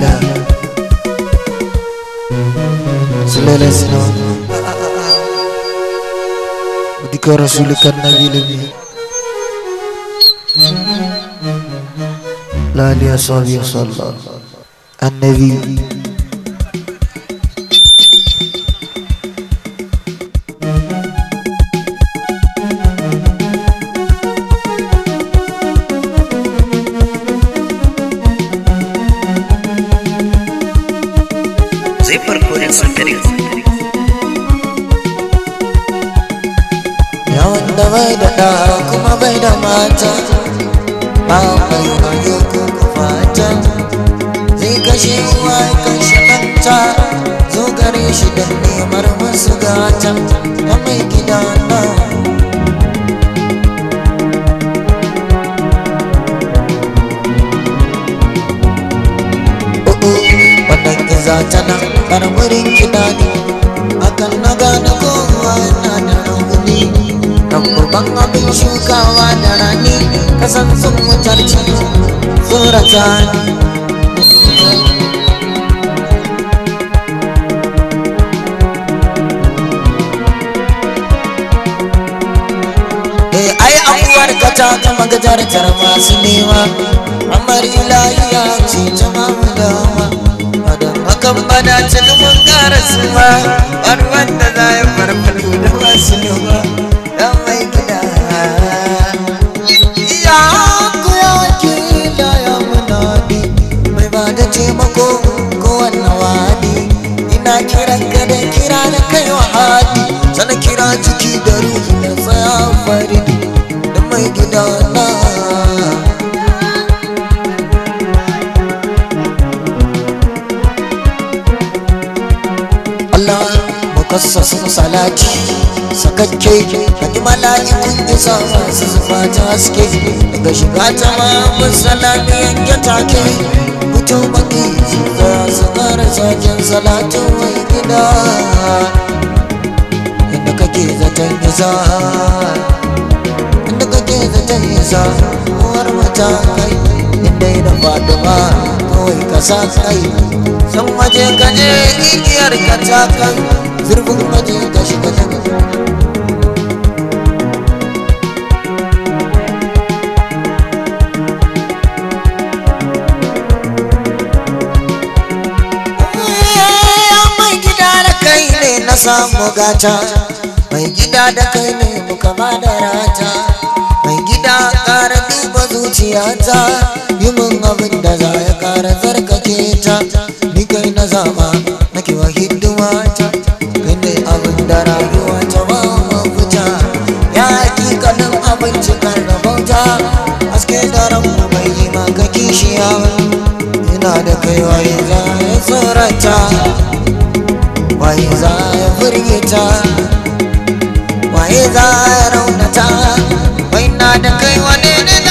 Medina Selele sino Udika rasulikan nabi lebih sallallahu An-Nabi jar masu nema amar ilahi ya ta mamu dama adam hakan bada cin mun kara suma wanda za ya da masu nema dan mai gida ya ku ya ki da ya munadi mai ba da taimako ko wannan wadi ina kiran ka kira na kai wa hadi sana kira ciki da ruhi isa sun salati sakakke wani kun isa masu zuba ta haske daga shiga ta mamun salami yanke take fito baki za su ƙara salatu mai gida inda kake zaton yaza inda kake zaton yaza uwar mata kai inda ina fatima kawai ka kai san waje ka je igiyar ka ta zurfin aji ta shiga ne na samu gata mai gida da kai ne muka ba da mai gida ƙara duba zuciyata yi min abin da za ya ƙara zarkake ta ni kai na zama wai za ya tsorata wai za ya firgita wai za ya raunata wai na da kai wani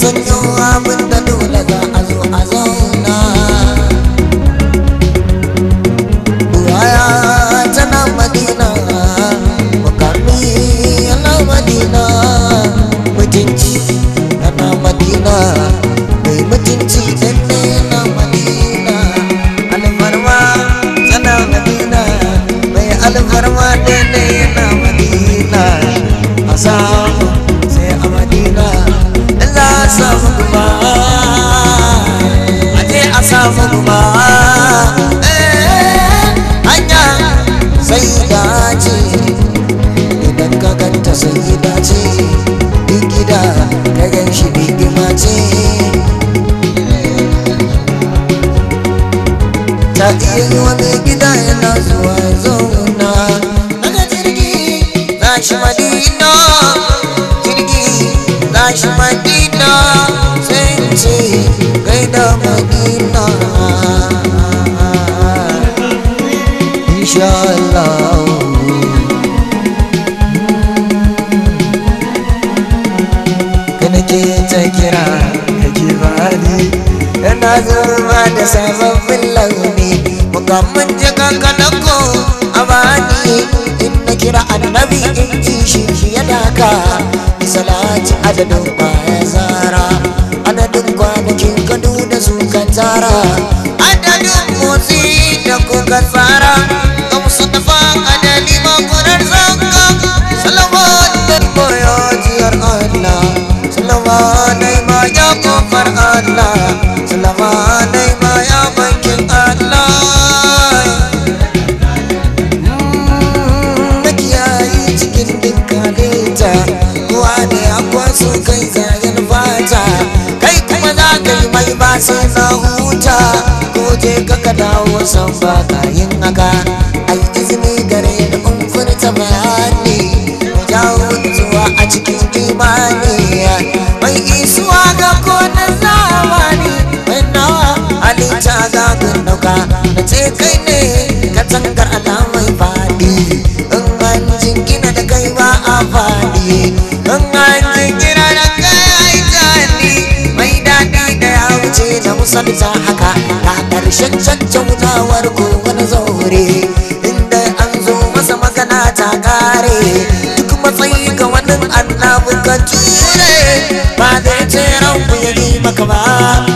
sun yawa sababbin launi mukamman jakan kanako a bani in na kira annabi in ji ka bi salati adadin kwaya zara adadin kwanakin kadu da su kan zara adadin motsi da kuka tsara ga musulman adadi makonar zanga salawat da koyo jiyar allah salawat da ma ya kofar allah san ba ka yin haka ai izini gare da in furta bayani mu jawo zuwa a cikin imani mai isuwa ga konan zamani mai nawa halitta za ka dauka na ce kai san za haka ga ƙarshen caccautawar ko wani zaure inda an zo masa magana ta kare duk matsayi ga wani annabi ka ture ba zai ce ranku ya yi maka ba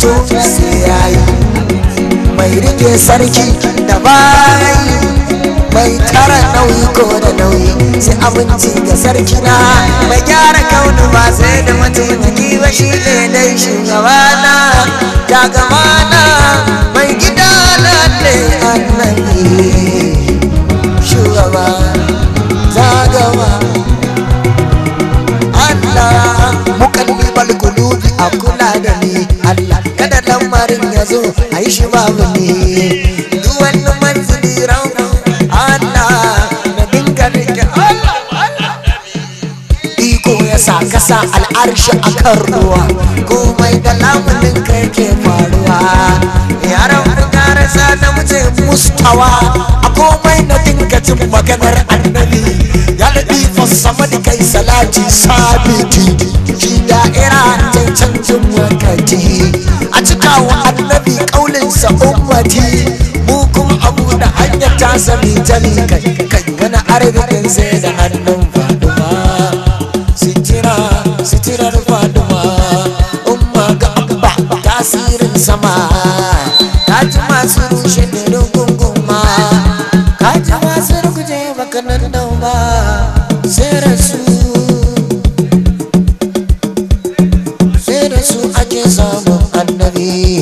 dole sai yayi mai rike sarki da bayi mai tara nauyi ko da nauyi sai abinci ga sarki na mai gyara kaunu ba sai da mataimaki ba shi ne dai shugaba na ya na mai gida na ne annabi shugaba zagawa Allah mukalli balkulubi a kula da ni Allah abin ya zo a yi shi babu ne duk wani manzili kasa al'arshi a kan ruwa komai da lamunin kai ke faruwa yaran rasa na mace mustawa a komai na dinga jin maganar annabi ya laɗi sama da kai salati sabiti shi da'ira ta canjin wakati a cikawa annabi kaulinsa ummati mu kuma abu da hanyar ta sami jani kai kai gana arzikin sai da hannun faɗuwa sitirar faduwa umma ga abba tasirin sama kaji masu rushe da rugunguma kaji masu ruguje bakanan dauma sai rasu sai rasu ake samun annabi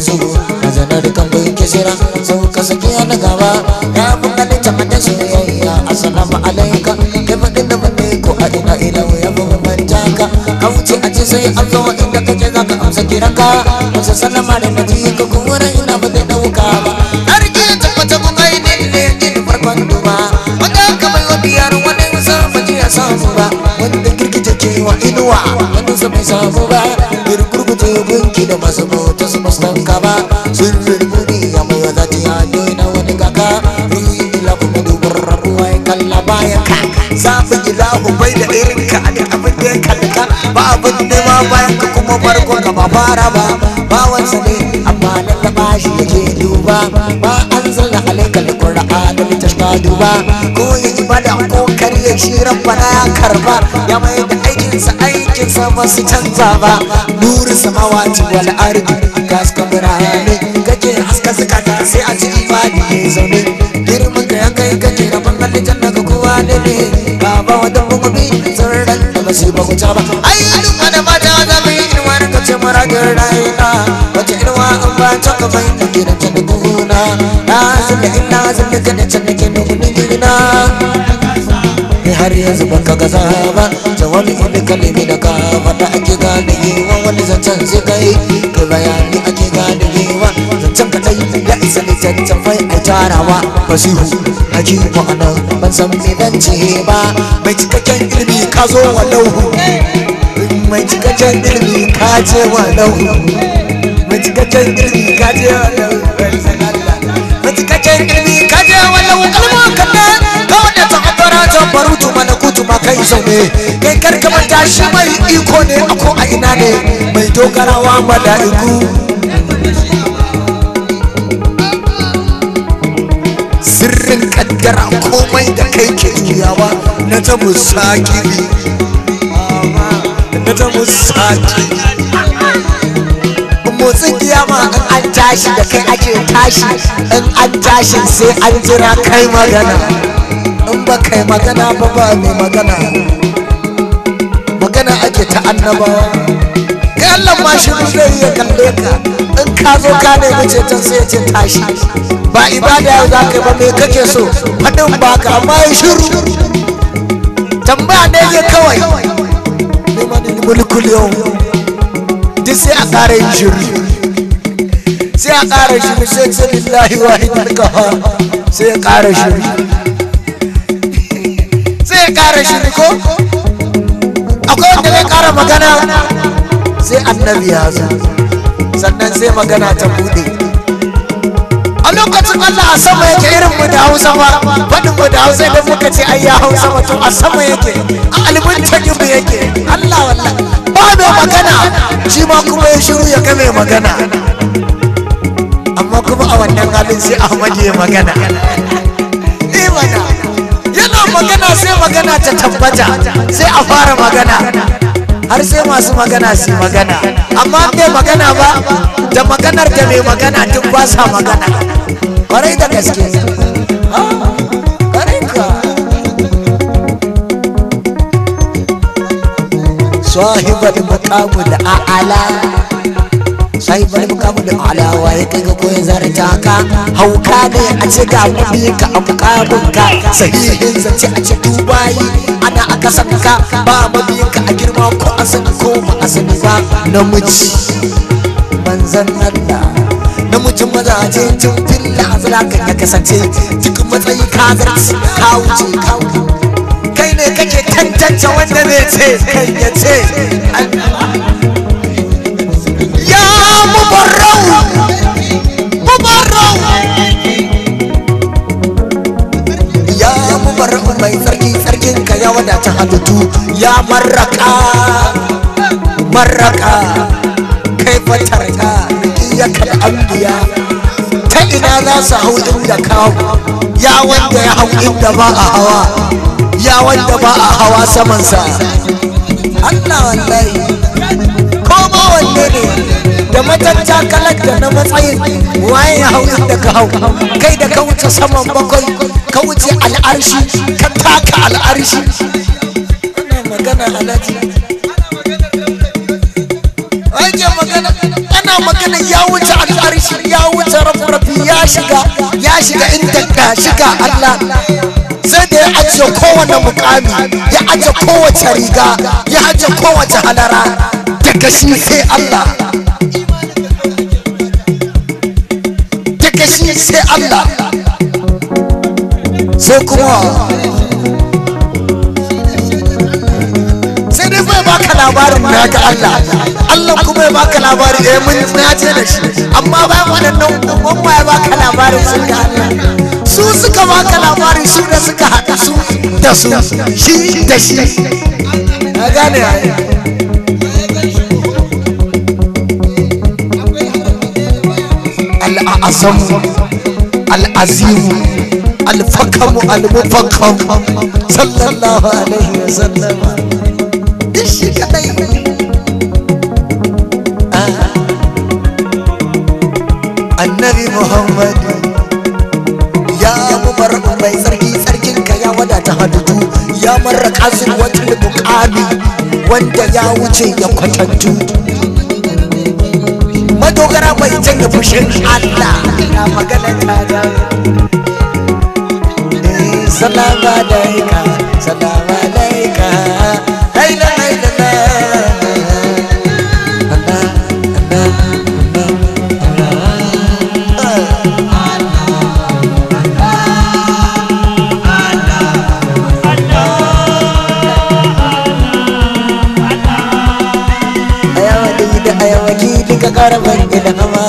zubu a zanar kambun kisira sau ka saki na gaba ya fi ganin jama'a A assalamu alaika ya faɗin da mane ko a ina ina ya fi manta ka kauce a ce sai an zo inda kake za ka amsa kiran ka musa sallama da naji ka kuma ina ba zai ɗauka ba arziki ya tabbata ku kai ne ne in farkon duba wanda ka bai wa biyar wani ba ji ya samu ba wanda girgije wa inuwa wani sa bai samu ba girgurguje gunki da masu ba fara ba ba wansa ne amma na laba shi yake duba ba an zalla alaikal da litashqa duba ko ya ji bada ko kar ya ci ya karba ya mai da aikinsa aikinsa ba su canza ba nuru samawati wal ardi kaska ne kake haska ta sai a ji fadi ne zaune girman ka ya kai kake rabban aljanna ga kowa ne ba ba wadan bugu zarran da ba shi ba ku ba muradin raina wace irwa an ba ta ka bai da gina ta dubuna na zuba ina zuba gina ta nake nuna har yanzu ban ka gaza ba ta wani wani kalimi da ka fata ake gane yiwa wani zancen zai kai to bayani ake gane yiwa zancen ka tai ya isa ne zancen fai a tarawa fasihu hakimu ma'ana ban san me zan ce ba mai cikakken ilimi ka zo wa lauhu mai cikakken ilimi ka ce wa lahu mai cikakken ilimi ka ce wa lahu mai cikakken ilimi ka ce wa lahu kalmar kanna zan barutu kutu ma kai zaune kai kar ka manta shi mai iko ne a ko a ina ne mai dogarawa mala'iku sirrin kaddara komai da kai ke iyawa na ta musakiri Ka ta musati motsin kiyama in an tashi da kai ake tashi in an tashi sai an jira kai magana in ba kai magana ba ba mai magana magana ake ta annabawa kai Allah ma shi zai ya kalle ka in ka zo ka nemi ta sai ce tashi ba ibada ya za ka ba me kake so faɗin baka amma ya shiru tambaya ne kawai kulkul yau duk sai a ƙara yin shiri sai a ƙara shiri sai ce lillahi wahidul qahar sai ya ƙara shiri sai ya ƙara shiri ko akwai wanda zai ƙara magana sai annabi ya zo sannan sai magana ta buɗe lokacin Allah a sama yake irin mu da Hausa ba faɗin mu da Hausa idan muka ce ai ya Hausa ba to a sama yake a alibin cikin mu yake Allah wallahi ba me magana shi ma kuma ya shiru ya kame magana amma kuma a wannan halin sai Ahmadu ya magana eh mana yana magana sai magana ta tabbata sai a fara magana har sai masu magana su magana amma bai magana ba da maganar da mai magana duk ba sa magana kwarai da gaske صاحب da a'ala shayi balbu kamu da alawa ya kai ga koyon ta ka hauka ne a ce ga kuɗi ka abu kamun ka sahihin zance a ce dubai ana aka saka ka ba mabiyin ka a girma ko a sani ko ba a sani ba namiji banzan Allah namijin mazaje tun filla zala ka ya kasance duk matsayi ka zara ka wuce ka kai ne kake tantance wanda zai ce kai ya ce Allah mai tsarki tsarkin ka ya wadata halittu ya maraka, maraka kai fatarka iyakar ambiya ta ina za su hau inda kawo ya wanda ya hau inda ba a hawa ya wanda ba a hawa samansa Allah wallahi ko wanne ne da matattakalar da na matsayin waye ya hau inda ka hau kai da ka wuce saman bakwai ka wuce al'arshi ka taka al'arshi ana magana alhaji ake magana ana magana ya wuce al'arshi ya wuce rafrafi ya shiga ya shiga inda ka shiga allah sai da ya ajiye kowane mukami ya ajiye kowace riga ya ajiye kowace halara daga shi sai allah kashi shi sai Allah sai kuma sai dai bai baka labarin na ga Allah Allah kuma ya baka labarin eh mun na ce da shi amma bai waɗannan kuma ya baka labarin sun ga Allah su suka baka labarin su da suka hada su da su shi da shi ga gane العظم العزيم الفخم المفخم صلى الله عليه وسلم ايش النبي محمد يا mai sarki ya halittu ya marra wanda ya wuce ya kwatantu dogara bai janye fushin Allah ina magana kada eh salama alaika salama alaika harban ilhama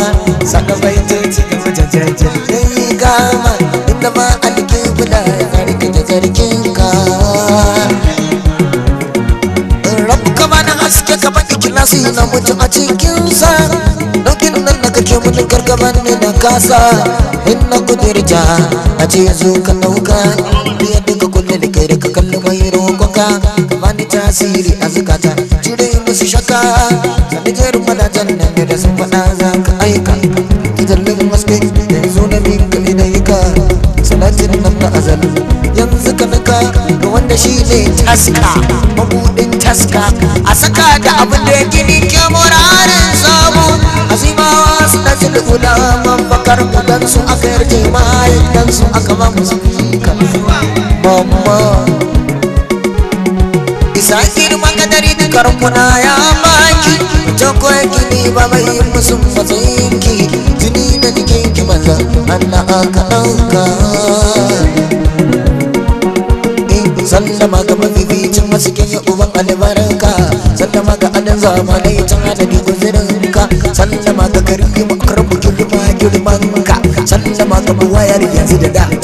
saka baitoci da majajajen dai gama inda ma alikin guda ya rikita zargin ka rabu ka bani haske ka baki kinasi na mutu a cikinsa ɗaukin nan da kake mutu gargaban ne na kasa in na kudirja a ce yanzu ka nauka biya duka kulle da kai ka kalli mai roƙonka ka bani tasiri a zukata cire musu shaka sanijar mana janna sun faɗa za ka aika jallin haske yanzu na minka inayika salatin nan na azal yanzu ka naka ga wanda shi ne taska mabuɗin taska a saka da abin da ya gini ke murarin samu azimawa su na cikin ulaman bakar kudan su aka yarje mayan dan su aka ba musu fika mamma isa girman kadari da karkuna ya maki Jokoi kini baba yi musu matsayinki Jini na jikinki maza Allah aka ɗauka eh, Sallama ga mafificin masu kinyi uban albarka Sallama ga adon zamanai can adadi guzirinka Sallama ga karimu karbu girma girmanka Sallama ga buwayar yanzu da da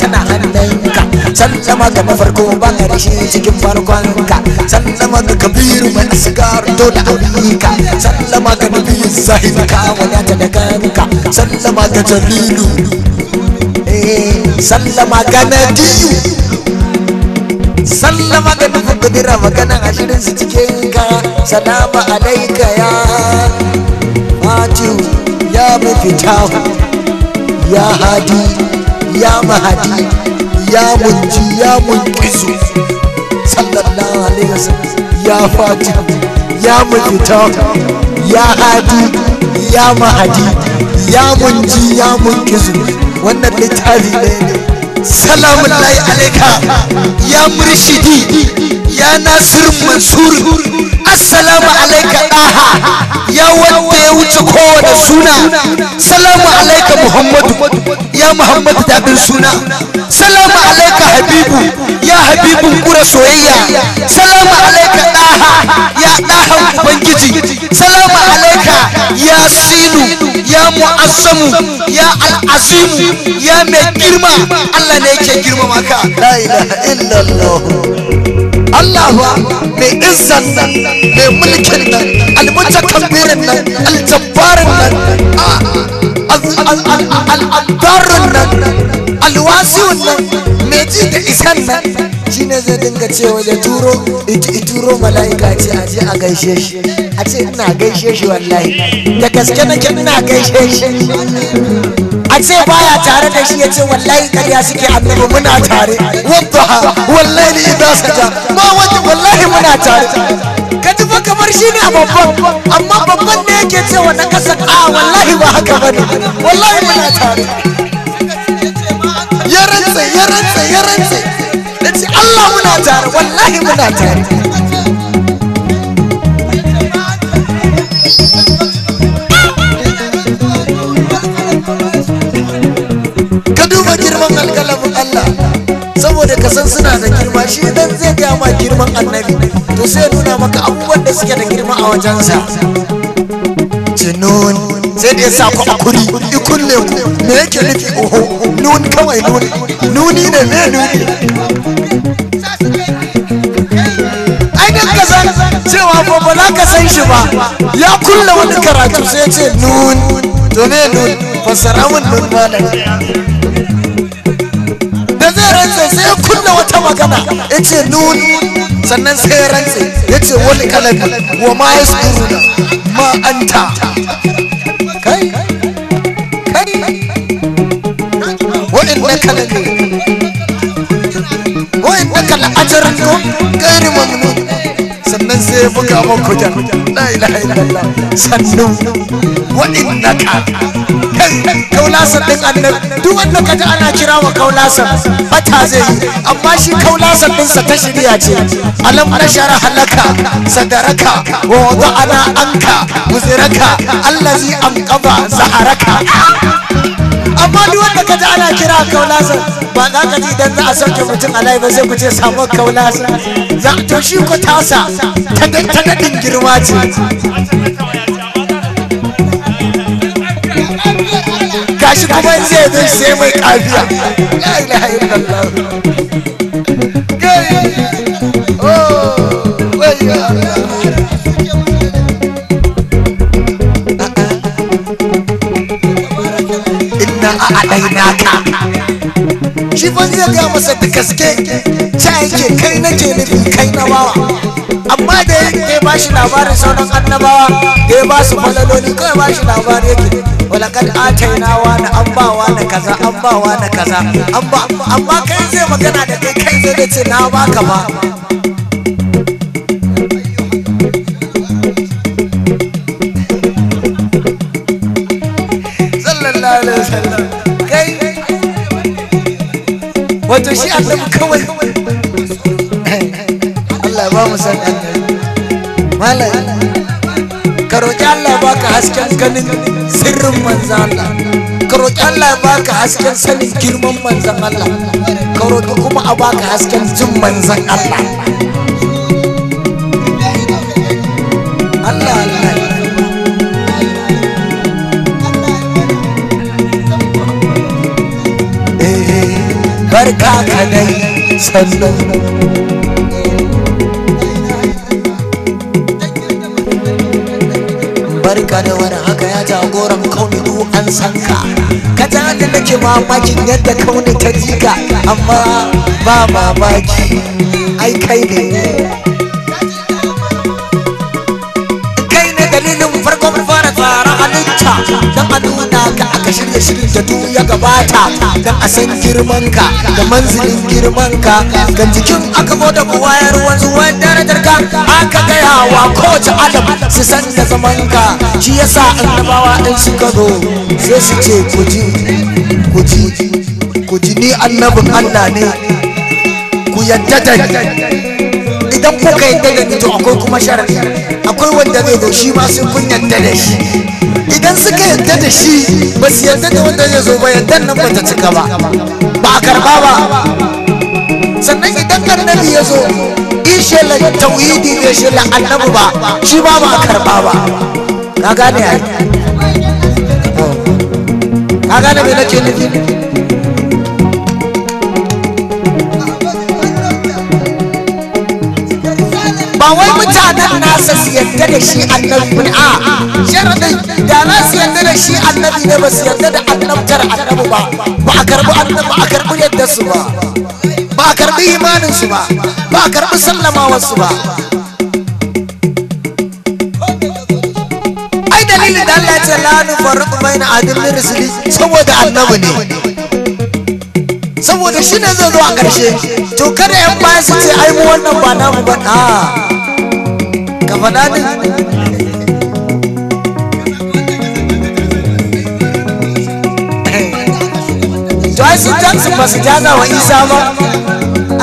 san zama da mafarko ba ka da shi cikin farkon ka san zama da kabiru mai asigar to da alika san zama ga nabiyin zahiri ka wadata da kanka san zama ga jamilu eh, sallama ga nadiyu sallama ga na kudura maganan ashirin su cikin ka salama alaika ya matu ya mafi ya hadi ya mahadi ya munji ya munkisu sallallahu alaihi wasallam ya fati ya mujita ya hadi ya mahadi ya munji ya munkisu wannan littafi ne salamun layi alaika ya murshidi ya nasir mansur assalamu alaika daha ya wanda ya wuce kowane suna salamu alaika muhammadu ya muhammadu tabin suna salamu alaika habibu ya habibun kura soyayya salamu alaika daha ya dahan ubangiji salamu alaika ya sinu ya mu'azzamu ya al'azimu ya mai girma Allah ne yake girma maka la ilaha illallah Allah ba mai izzan nan mai mulkin nan almutakabbirin nan aljabbarin nan al'addarin nan alwasiun nan mai ji da isan nan shi ne zai dinga cewa da turo ituro mala'ika ce a je a gaishe shi a ce ina gaishe shi wallahi da gaske na ke ina gaishe shi a ce baya tare da shi ya ce wallahi karya suke annabi muna tare wadda wallahi ni idan ta, ma wadda wallahi muna tare ka ji fa kamar shi ne a babban amma babban ne yake cewa na kasa a wallahi ba haka bane wallahi muna tare ya rantse ya rantse ya rantse ce Allah muna tare wallahi muna tare ka duba girman alkalamin Allah saboda ka san suna da girma shi dan zai ga ma girman annabi to sai nuna maka abubuwan da suke da girma a wajensa jinun sai da ya sa ku akuri ikulle ku me yake nufi oho nun kawai nun nuni ne me nuni ai duk ka san cewa ba ba za ka san shi ba ya kulla wani karatu sai ya ce nun to me nun fassara min nun ba da da zai rantse sai ya kulla wata magana ya ce nun sannan sai ya rantse ya ce wani kalabi wa ma ya suruna ma anta kai kai na kalabi ajar no mamnu sannan sai ya buga muku da la ilaha illallah sannu wa innaka din annabi duk wanda ka ana kira wa kaulasan bata zai amma shi din sa ta shirya ce alam halaka sadaraka wa wada'ana anka muziraka allazi anqaba zaharaka amma duk wanda ka ji ana kira kaulasa ba za ka ji idan za a sauke mutum a laifin sai ku ce samu kaulasa za to shi ku tasa ta daɗin girma ce gashi kuma zai zai sai mai kafiya Oh, wait, yeah, yeah. a ɗai naka shi fa zai gaya masa da gaske ta yake kai nake nufi kai na bawa amma da ya ba shi labarin sauran annabawa da ya ba su falaloli kawai ba shi labari yake walakad ataina wa na an bawa na kaza an bawa na kaza amma kai zai magana da kai kai zai ce na baka ba sallallahu alaihi wasallam wato shi annabi kawai Allah ba mu san annabi malam ka roƙi Allah ba hasken ganin sirrin manzan Allah ka roƙi Allah baka hasken sanin girman manzan Allah ka roƙi kuma a baka hasken jin manzan Allah taka dai sannu barka da wani haka ya jagoran kauni du an san ka ka da nake mamakin yadda kauni ta jika amma ba mamaki ai kai ne dan a nuna ka aka shirya shirin da du ya gabata dan a san girman ka da manzilin girman ka jikin aka zo da wayar wanzuwar darajar ka aka gayawa kowace adam su san da zaman ka shi yasa annabawa in suka zo sai su ce kuji kuji kuji ni annabin Allah ne ku yadda da idan kuka yadda da ni to akwai kuma sharadi akwai wanda zai zo shi ma sun kun yadda da shi idan suka yadda da shi ba su yadda da wanda zai zo ba yadda nan ba ta cika ba ba a karba ba sannan idan annabi ya zo ishe la tauhidi zai shi la annabi ba shi ma ba a karba ba ka gane ai ka gane me nake nufi nasa su yadda da shi annabi ne a ah, sharadin da na su yadda da shi annabi ne ba su yadda da annabtar annabi ba ba a karbi annabi ba a karbi yadda su ba ba a karbi imanin su ba ba a karbi sallamawar su ba ai dalilin da Allah ya ce la nufarriqu baina adil min rusuli saboda annabi ne saboda shi ne zai zo a karshe to kada yan baya su ce ai mu wannan ba namu ba a ah. ka faɗa din to ai sun jackson ba su jaza wa isa ba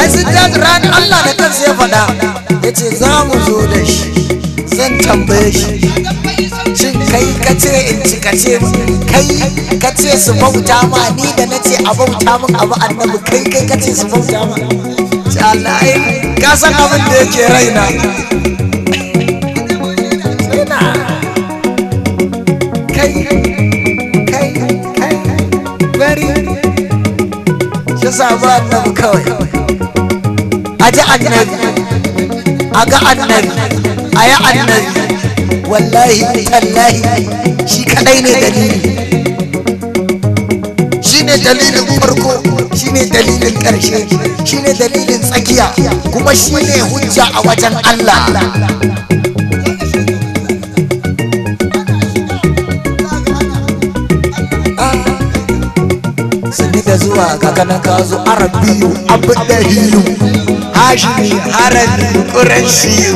ai sun jaza ran allah da kansa ya faɗa ya ce za mu zo da shi zan tambaye shi shin kai ka ce in ci ka ce kai ka ce su bauta ma ni da na ce a bauta min abu annabi kai kai ka ce su bauta ma Allah ai ka san abin da yake raina kai kai kai bari shi sabu annabi kawai a ji annabi a ga annabi a yi annabi wallahi tallahi shi kadai ne dalili shi ne dalilin farko shi ne dalilin ƙarshe shi ne dalilin tsakiya kuma shi ne hujja a wajen Allah da zuwa kaga na ka zo arabiyu abu ɗariyu hashimi harabi ƙuransiyu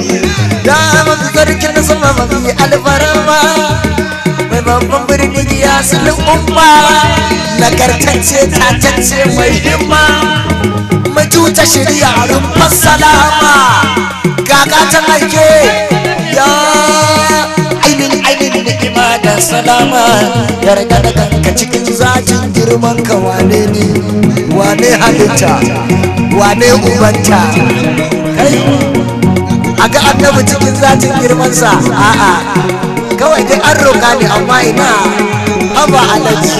da mafi sarkin na sama mafi alfarama mai babban birni ya sulun umma nagartacce tatacce mai himma mai tuta shirya rumfar salama kaka ta aike ya da salama yarda da kanka cikin zatin girman ka wane ne wane halitta wane ubanta kai a ga annabi cikin zatin girmansa a'a kawai dai an roƙa ne amma ina haba alaji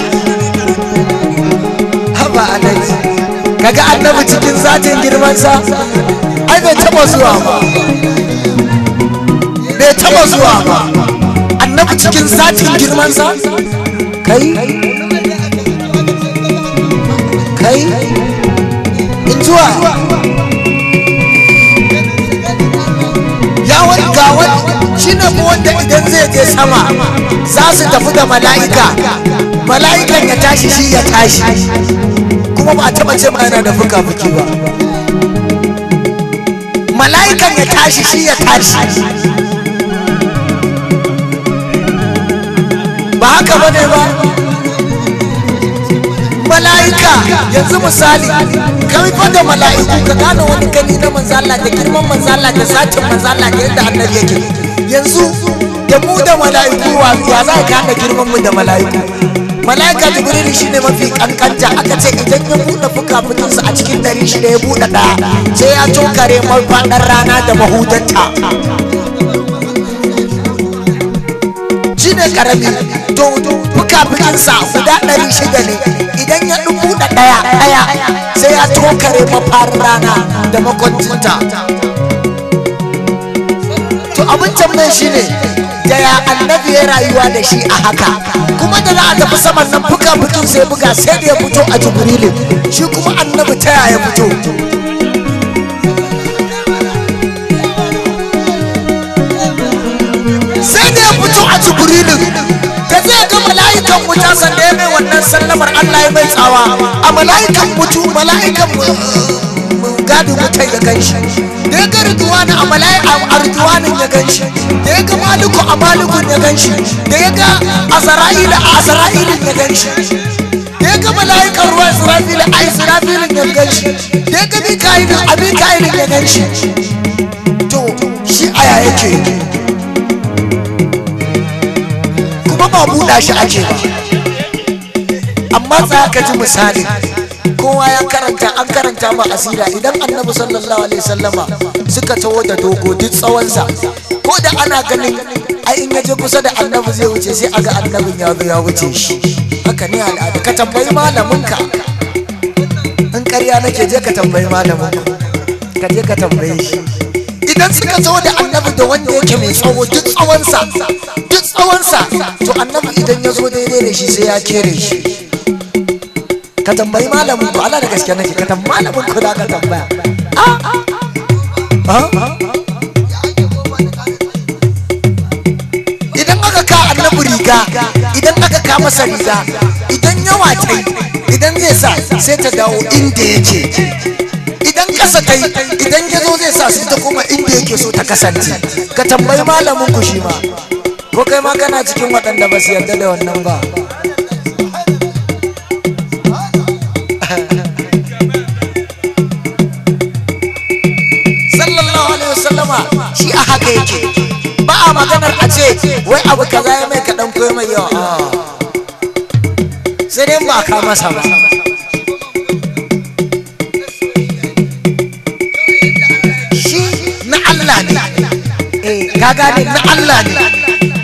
haba alaji kaga annabi cikin zatin girmansa ai bai taba zuwa ba bai taba zuwa ba a cikin zatin girmansa kai kai in zuwa yawon gawon shi ne wanda idan zai je sama za su tafi da mala'ika mala'ikan ya tashi shi ya tashi kuma ba a taba ce ma yana da fuka-fuki ba mala'ikan ya tashi shi ya tashi haka ba ne ba mala'ika yanzu misali kai fa da mala'iku ka gane wani gani na manzala da girman manzala da satin manzala da yadda annabi yake yanzu da mu da mala'iku wa za ka gane girman mu da mala'iku mala'ika jibril shine mafi kankanta aka ce idan ya buɗe su a cikin dari shi da ya buɗe ɗaya sai ya tokare mafaɗar rana da mahudanta shine karami to fuka-fukansa guda ɗari shida ne idan ya dubu da ɗaya ɗaya sai ya tokare mafarin rana da makwancinta to abin tambayin shi ne da ya annabi ya rayuwa da shi a haka kuma da za a tafi saman nan fuka-fukin sai buga sai da ya fito a jibrilin shi kuma annabi ta yaya fito sai da ya fito a jibrilin. mala'ikan mu ta san da ya mai wannan sallamar Allah ya mai tsawa a mala'ikan mutu mala'ikan mu gadi mutai ya ganshi da ya ga ruduwani a mala'ikan arduwanin ya ganshi da ya ga maliku a malikun ya ganshi da ya ga azra'ila a azra'ilin ya ganshi da ya ga mala'ikan ruwa israfil a israfilin ya ganshi da ya ga mika'ilin a mika'ilin ya ganshi to shi aya yake ba buɗa shi ake ba amma tsaya ka ji misali kowa ya karanta an karanta ma asira idan annabi sallallahu alaihi sallama suka taho da dogo duk tsawonsa ko da ana ganin ai in yaje kusa da annabi zai wuce sai aga annabin ya zo ya wuce shi haka ne al'ada ka tambayi malaminka in ƙarya nake je ka tambayi malamin ka je ka tambaye shi idan suka zo da annabi da wanda yake mai tsawo duk tsawonsa duk tsawonsa to annabi idan ya zo daidai da shi sai ya kere shi ka tambayi malamin ku ala da gaske nake ka tambayi malamin ku da ka tambaya ah, ah, ah, idan aka ka annabi riga idan aka ka masa riga idan yawa ta idan zai sa sai ta dawo inda yake idan kasa ta yi idan ya zo zai sa su ta kuma inda yake so ta kasance ka tambayi malamin ku shi ma ko kai ma kana cikin waɗanda ba su yarda da wannan ba sallallahu alaihi wasallama shi a haka yake ba a maganar a ce wai abu kaza ya mai kaɗan ko mai yawa sai dai ba ka masa ba ka ne na Allah ne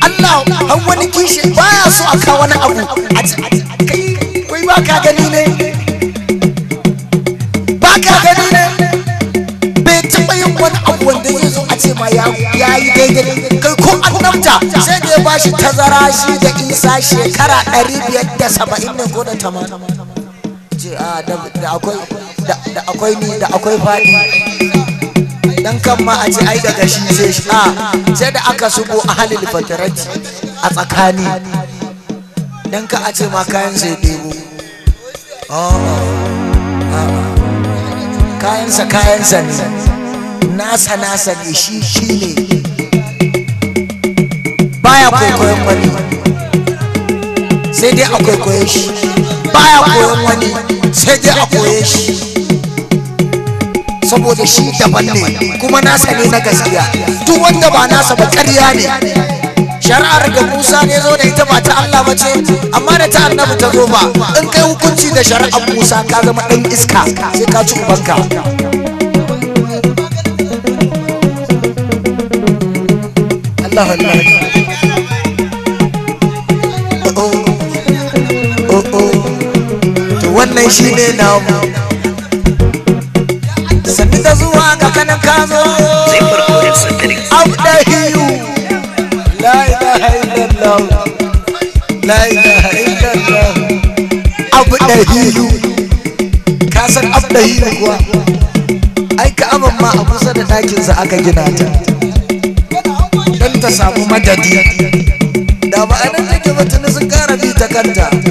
Allah har wani kishi baya so a kawo wani abu a kai wai ba ka gani ne ba ka gani ne bai taɓa yin wani abu wanda zai zo a ce ma ya yi daidai kai ko annabta sai da ya ba shi tazara shi da isa shekara ɗari biyar da saba'in ne ko da akwai da akwai ni da akwai faɗi dan kan ma a ce ai daga shi sai shi a sai da aka subo halil fatarati a tsakani dan ka a ce ma kayan sai debo kayansa kayansa ne nasa nasa ne shi shi ne baya kwaikwayon wani sai dai a kwaikwaye shi baya koyon wani sai dai a koye shi saboda shi daban ne kuma nasa ne na gaskiya duk wanda ba nasa ba ƙarya ne shari'ar da Musa ne zo da ita ba ta Allah ba ce amma da ta annabi ta zo ba in kai hukunci da shari'ar Musa ka zama ɗan iska sai ka ci ubanka Allah Allah oh, oh, oh, wannan shine namu ka zo abdahiyu la ilaha illallah la ilaha illallah abdahiyu ka san abdahiyu kuwa ai ka'aban ma a kusa da ɗakinsa aka gina ta don ta samu madadi da ba a nan take ba tuni sun kara bi ta kanta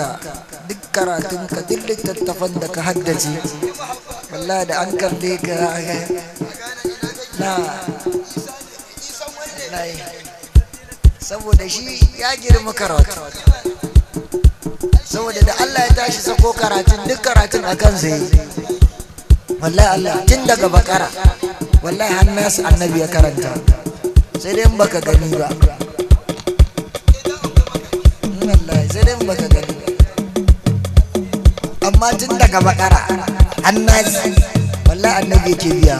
ka duk karatun ka duk littattafan da ka haddace wallahi da an kalle ka na saboda shi ya girma karatu saboda da Allah ya tashi sako karatun duk karatun a kan zai wallahi Allah tun daga bakara wallahi hannas annabi ya karanta sai dai in baka gani ba wallahi sai dai in baka gani amma tun daga bakara an annasi wallahi annabi yake biya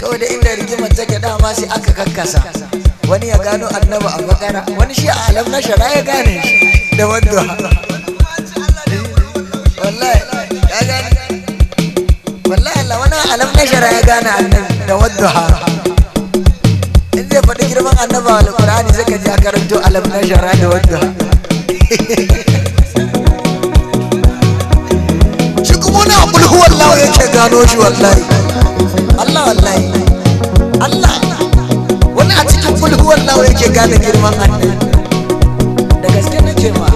kawai da inda rigimar take dama sai aka kakkasa wani ya gano annabi a bakara wani shi a alam na shara ya gane shi da wadda wallahi ya gane wallahi Allah wani alam na shara ya gane annabi da wadda in zai faɗi girman annabi a alƙur'ani Munir ya karanto alam na shara da wanda shi kuma wani abul huwallahu yake gano shi wallahi Allah wallahi Allah wani a cikin bulhuwallahu yake gane girman Allah da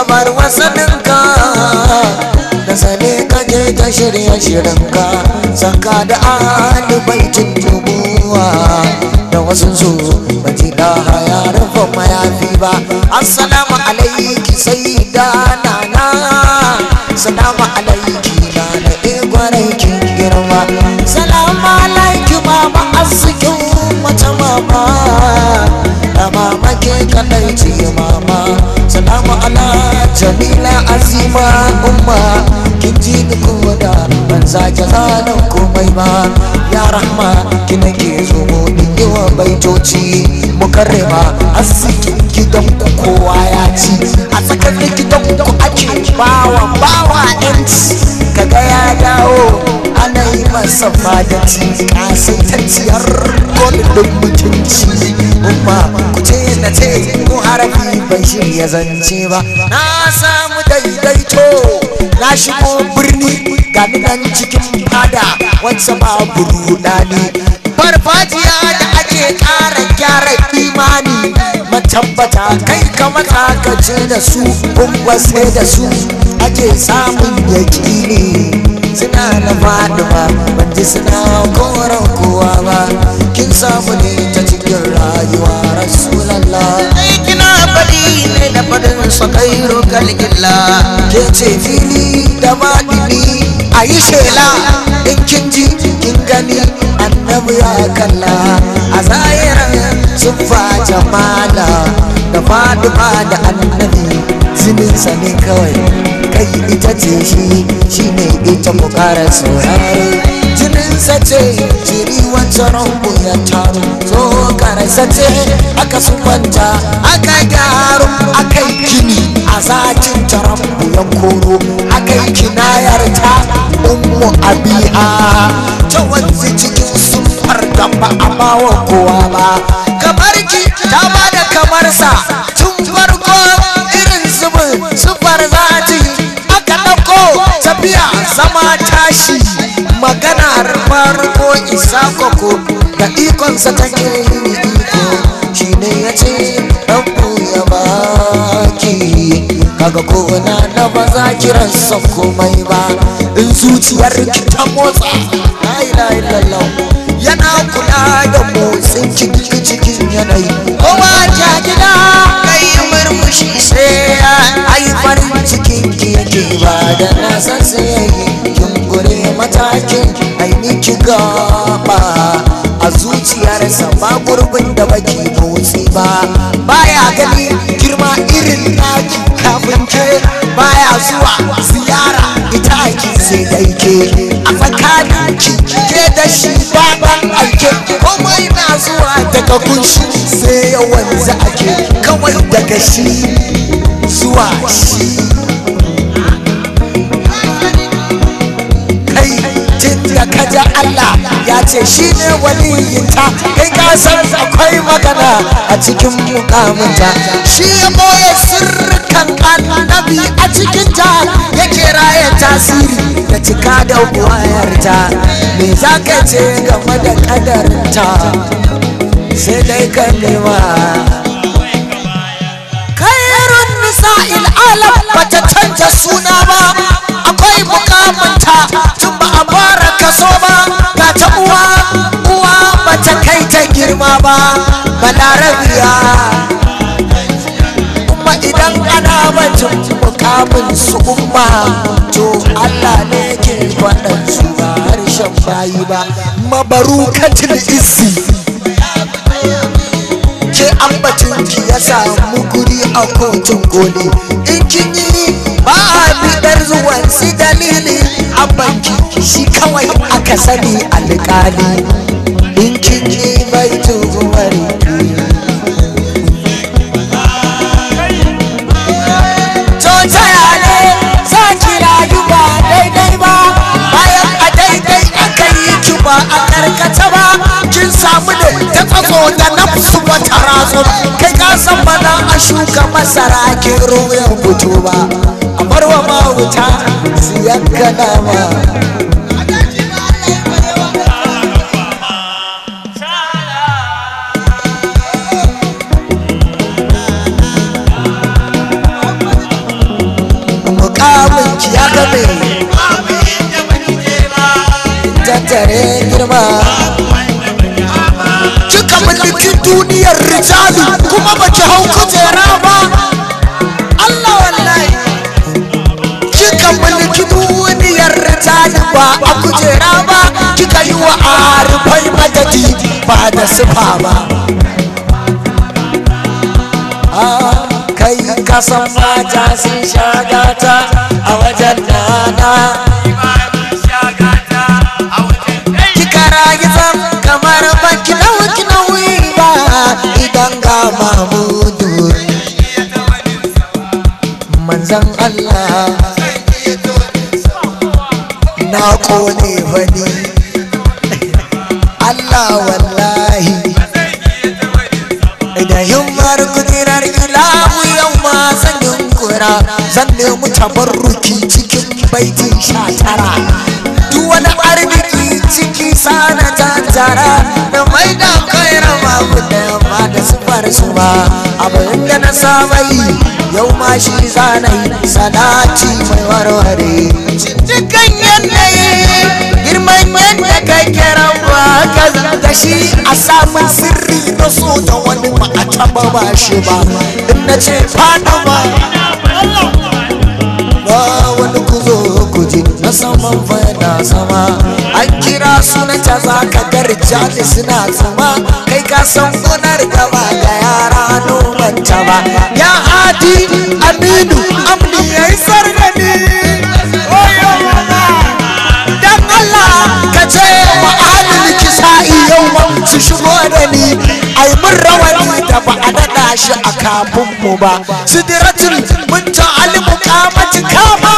kamar wasaninka da Sale ka je ta shirya shirinka saka da alibaitin tubuwa da wasu su baji da haya rufe mayafi ba assalamu alaiki sai da nana assalamu alaiki nana igwarai eh kin girma salamu alaiki mama arzikin mata mama da mama ke kadai ce mama salamu alaiki jamila azima umma kin ji ni koda ban sake zanen komai ba ya rahma ki nake zo ni yawa baitoci mukarrama asikin gidan ku kowa ya ci a tsakar gidan ku ake bawa bawa yanci kaga ya dawo ana yi masa fadaci kasaitacciyar golden mutunci umma ku ce na ce ko harafi ban shirya zance ba na samu daidaito na shigo birni ga nan cikin fada wancan ma buruɗa ne farfajiya da tabbata kai ka mata ka ce da su sai da su ake samun yakini suna na faɗi ba banji suna koran kowa ba kin samu ne ta cikin rayuwa rasulallah aikina faɗi ne da faɗin sa kairu kalgilla ke ce fili da maɗini a yi shela in kin ji kin gani annabi ya kalla a zaya zuffa jamala da fatima da annabi zininsa ne kawai kai ita ce shi shi ne ita bukarar saurare jininsa ce jiri wancan ranku ya taru zo karasa ce aka sufanta aka gyaru aka yi gini a zakin taranku ya koro aka yi kinayar ta ummu abi'a ta wanzu cikin sufar da ba a bawa kowa ba barki ta bada kamar sa tun farko irin zubin sufar za a ci aka ɗauko tafiya zama tashi maganar farko isa koko da ikonsa take yi iko shi ne ya ce ɗanku ya baki kaga ko na ba za kiran sa komai ba in zuciyar ki ta motsa la lau. yana kula da motsin ciki ciki yanayi kowa ta gida kai murmushi sai ai farin cikin ki ba da nasan san sai kin gure matakin ai ni ki a zuciyarsa ba gurbin da baki motsi ba baya gani girma irin naki kafin ke baya zuwa ziyara ita ki sai dai ke a tsakanin ki ke da shi baban aike komai na zuwa daga kunshi sai yawan za ake kawai daga shi zuwa shi kai jin da kaja Allah ya ce shi ne waliyinta kai ka san akwai magana a cikin mukaminta shi ya boye sirrikan annabi a cikinta ya kira ya tasiri da cika da wayarta me za ka ce game da kadarta sai dai kan nema kairun nisa'il alam ta canza suna ba akwai mukamanta tun ba a fara kaso ba ga ta uwa uwa bata kai ta girma ba balarabiya kuma idan ana bacin mukamin su umma to allah ne ke faɗan su ba harshen bayi ba mabarukatul izzi ambacin ki ya samu guri a kotun koli in kin yi ba a bidar zuwan si dalili abanki shi kawai aka sani alƙali in kin yi bai daidai ba a karkata ba kin samu ne ta tsatso da nafsu taratsum kai ka san ba za a shuka masara ke ruwan fito ba a barwa ma wuta siyan kanama masu fama kai kasan mata sun sha gata a wajen nana shi zanai salati mai warware yadda yi girman yadda kai kera ba ka shi a samun sirri na so da wani ba a taba ba shi ba in na ce fada ba wani kuzo gurguje na saman fada sama an kira suna ta za ka garja da suna tsama kai ka san kunar gaba ga yara noman ta ba ya hadi aminu amni ya yi sargani dan Allah ka ce wa ahalin kisa'i yau su shigo da ni ai mun rawani da ba a daɗa shi a kafin mu ba sidiratul mun ta alimu kamati kama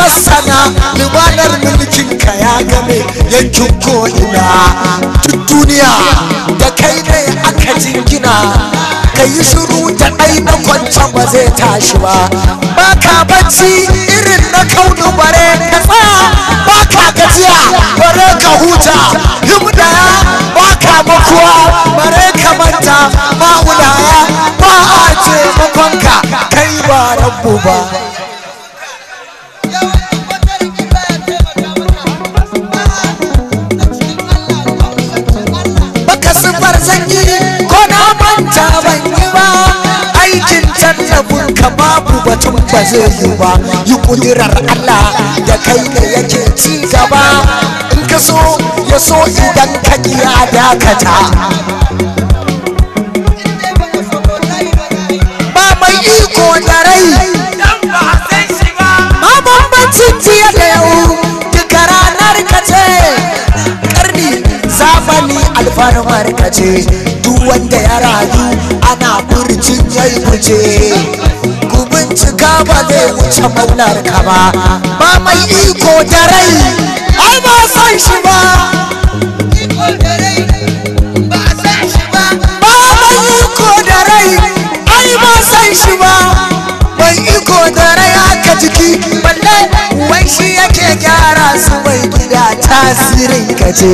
masana limanar mulkinka ya game yankin ko'ina duk duniya da kai ne aka jingina ka yi shiru da ɗai na kwancan ba zai tashi ba ba ka bacci irin na kaunu bare ka tsaya ba ka gajiya bare ka huta himdaya ba ka makuwa bare ka manta wulaya? ba a makonka kai ba rabu ba ban yi ba aikin tallafin ka babu batun ba zai yi ba yi kudirar Allah da kai da yake ci gaba in ka so ya so idan ka ya dakata ba mai iko da rai ba bambancin jiya da yau duka ranar ka ce zamani alfanumar ka ce wanda ya rayu ana furcin yayi guje ku bincika ba zai wuce maular ka ba ba mai iko da rai ai ba san shi ba ba mai iko da rai haka jiki balle wai shi yake gyara su tasirin kace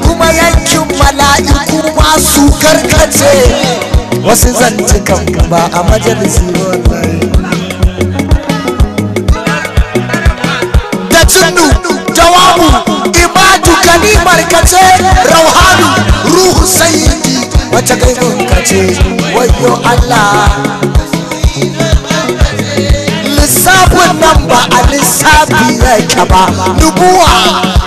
kuma yankin mala'iku masu karkace wasu zancikan ba a majalisi wallahi da tunnu jawabu ibadu kalimar kace rauhanu ruhu sayyidi wace gaibin kace wayo Allah lissafin nan ba a lissafi yake ba nubuwa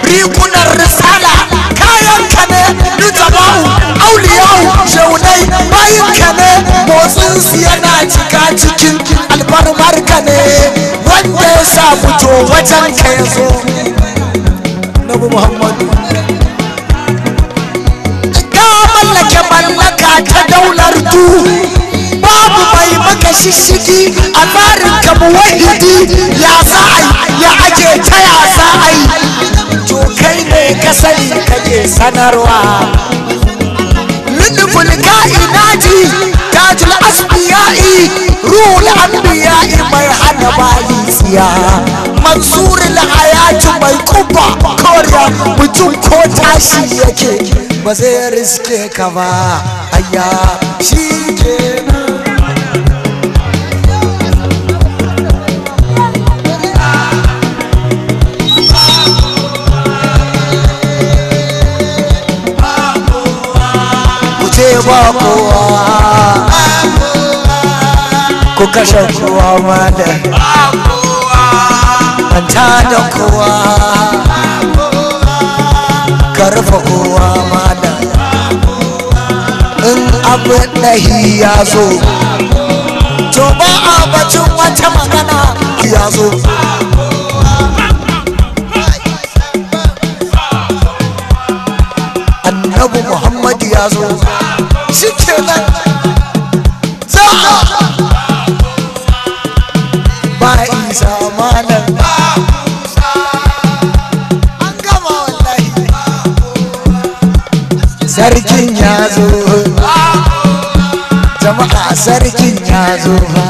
rikunan risala kayan ka ne nujaba'u auliyahu shaunai bayan ka ne motsinsu yana cika cikin albarmar ka ne wanda ya sa fito wajen ka ya zo nabi muhammadu ga mallake mallaka ta daular duhu shishigi a tsarin ka ya za a ya ake ta ya za a yi to kai ne ka sani kake sanarwa lulufin ka'inaji tajul asbiya'i ruhul anbiya'i mai hana bayi tsiya mansuri al'ayatu mai kuba koriya mutum ko tashi yake ba zai riske ka ba ayya shi ke ba kowa ku kashe kowa ma malam an da kowa ka rufe kowa malam in abin nahi ya zo to ba a bacin wata magana ya zo annabi muhammad ta zo shi kenan za a ba isa malam an gama wallahi sarkin ya zo jama'a sarkin ya zo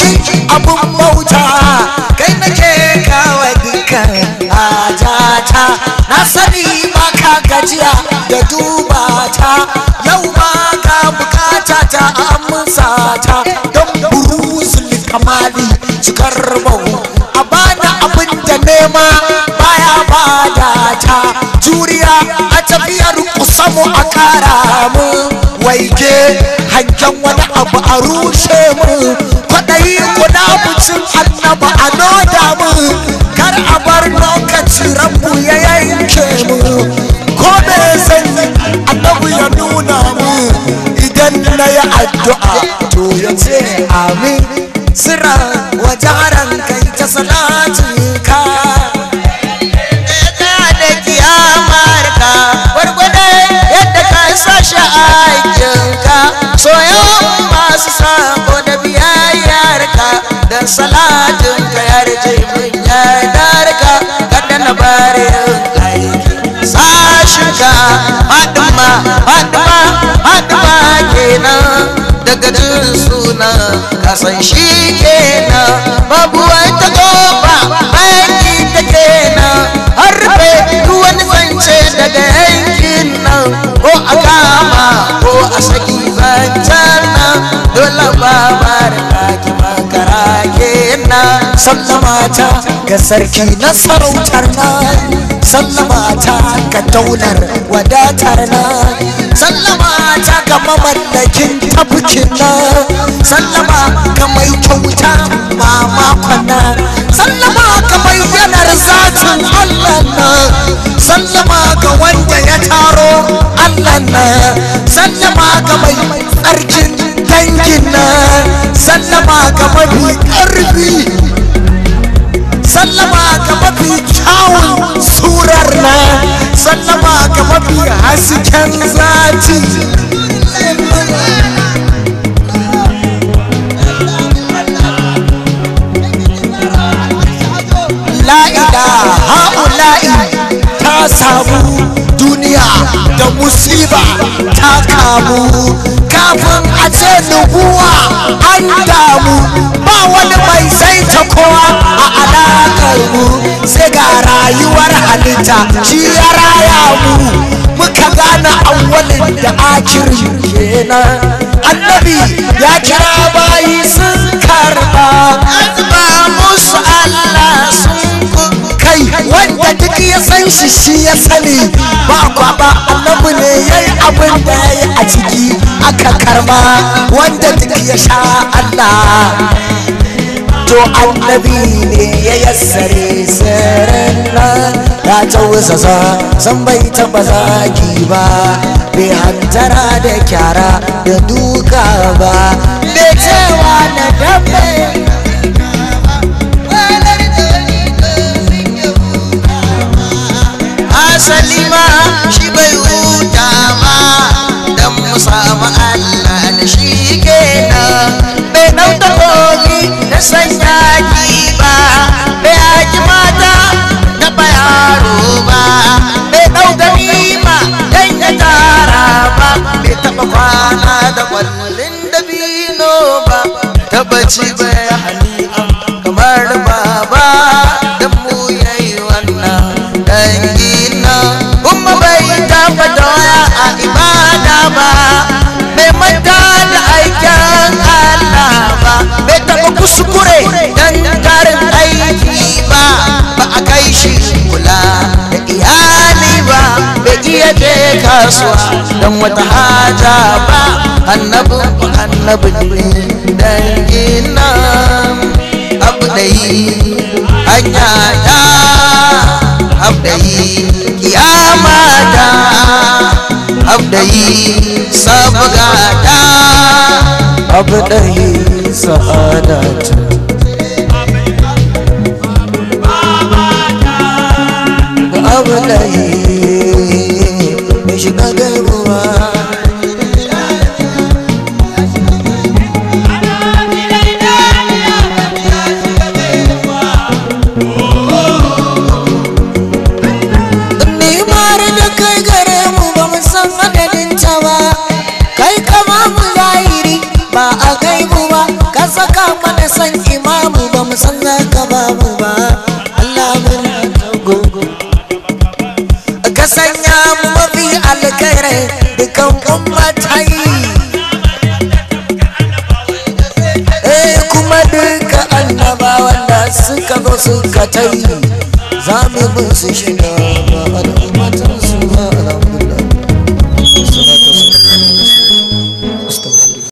sarki abun bauta kai nake kawa dukkan ajata na sani baka gajiya da duba ta yau ma ka bukata ta amsa ta don buruzul kamali cikar bahu a bana abin da nema baya bada ta juriya a tafiyar kusamu a kara mu waike hangen wani abu a rushe mu lokacin annaba a noda mu kar a bar lokacin rabu ya yanke mu ko me zan yi annabu ya nuna mu idan na yi addu'a to ya ce amin sira wajen kai ta salama fatima fatima fatima kenan daga jin suna kasan shi kenan babu wata goba bayan ta na. harfe duk wani zance daga yankin nan ko a kama ko a saki zancen nan dole ba ba da kaki makara kenan sallama ta ga sarki na sarautar na sallama ta ga daular wadatar na sallama ta ga mamallakin tafkin na sallama ga mai kyauta mamakon na sallama ga bayyanar zatin allah na sallama ga wanda ya taro allah na sallama ga mai tsarkin dangin na sallama ga mai sallama ga mafi hasken zati la'ida ha'ula'i ta samu da musiba ta kamu kafin a ce nubuwa an damu ba wani mai saita kowa a alakar mu sai ga rayuwar halitta shi ya raya mu muka gane awwalin da akiri kenan annabi ya kira bayi sun karba ba musu allah sun kai wanda duk ya san shi shi ya sani ba kwaba annabi ne yayi abin da ya yayi a ciki aka karba wanda duk ya sha Allah to annabi ne ya yassare sirrin ya tausasa san bai taba zaki ba bai hantara da kyara da duka ba da cewa na dambe. asali shi bai huta ma dan mu samu Allah da shi kenan bai ɗauka kogi na sanya ba bai haji mata na bayaro ba bai ɗauka nima dan ya tara ba bai taɓa kwana da kwallin dabino ba tabbaci bai kasuwa don wata haja ba annabu annabu ne dangin nan abu da yi hanya ta abu da yi kiyama ta abu da yi sabuga ta abu da yi sa'ada ta shiga garuwa barkatai za mu musu shiri